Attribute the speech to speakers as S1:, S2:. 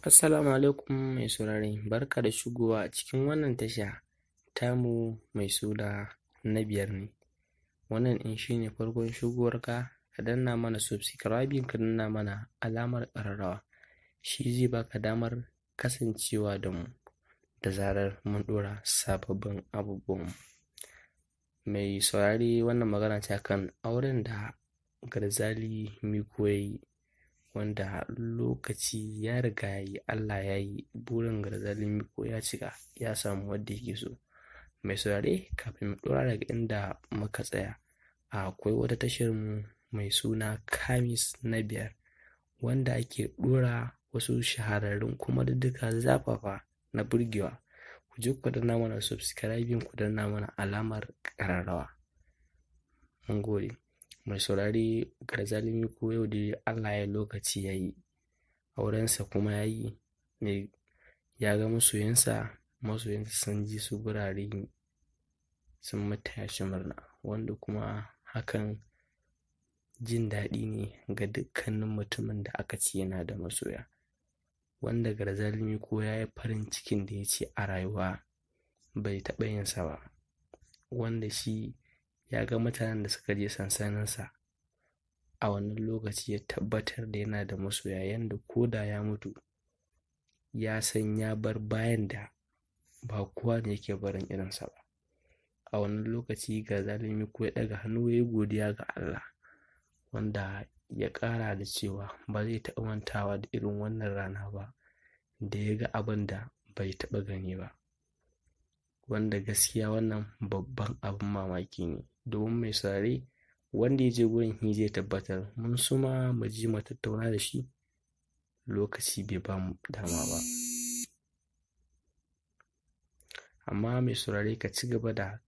S1: Assalamu alaikum mai saurare, barka da shigowa a cikin wannan tasha tamu mai suna na biyar ne. Wannan in shi ne farkon shigowarka, ka danna mana subscribing ka danna mana alamar ƙararrawa. Shi zai baka damar kasancewa da mu da zarar mun ɗora sababbin abubuwan. Mai saurare wannan magana ta kan auren da Garzali Miko ya wanda lokaci ya riga ya yi Allah ya yi burin garzalin ko ya cika ya samu wadda yake so mai saurare kafin mu dora daga inda muka tsaya akwai wata tashar mu mai suna kamis na biyar wanda ake dora wasu shahararrun kuma da duka zafafa na burgewa ku je ku danna mana subscribing ku danna mana alamar kararrawa mun gode mai saurari garzalimi ko yau da allah ya lokaci ya yi aurensa kuma ya yi ya ga masoyansa masoyansa sun ji su burare sun mataya shi murna wanda kuma hakan jin daɗi ne ga dukkanin mutumin da aka ci yana da masoya wanda garzalimi ko ya yi farin cikin da ya ce a rayuwa bai taɓa yinsa ba wanda shi ya ga mutanen da suka je sansaninsa a wannan lokaci ya tabbatar da yana da masoya yanda ko da ya mutu ya san ya bar bayan da ba kowa ne yake barin irinsa ba a wannan lokaci ga zalimi ko ya ɗaga hannu ya godiya ga Allah wanda ya ƙara da cewa ba zai taɓa mantawa da irin wannan rana ba da ya ga abin da bai taɓa gani ba wanda gaskiya wannan babban abin mamaki ne domin mai saurari wanda ya je gurin hi zai tabbatar mun suma mu ji mu tattauna da shi lokaci bai ba mu dama ba amma mai saurare ka ci gaba da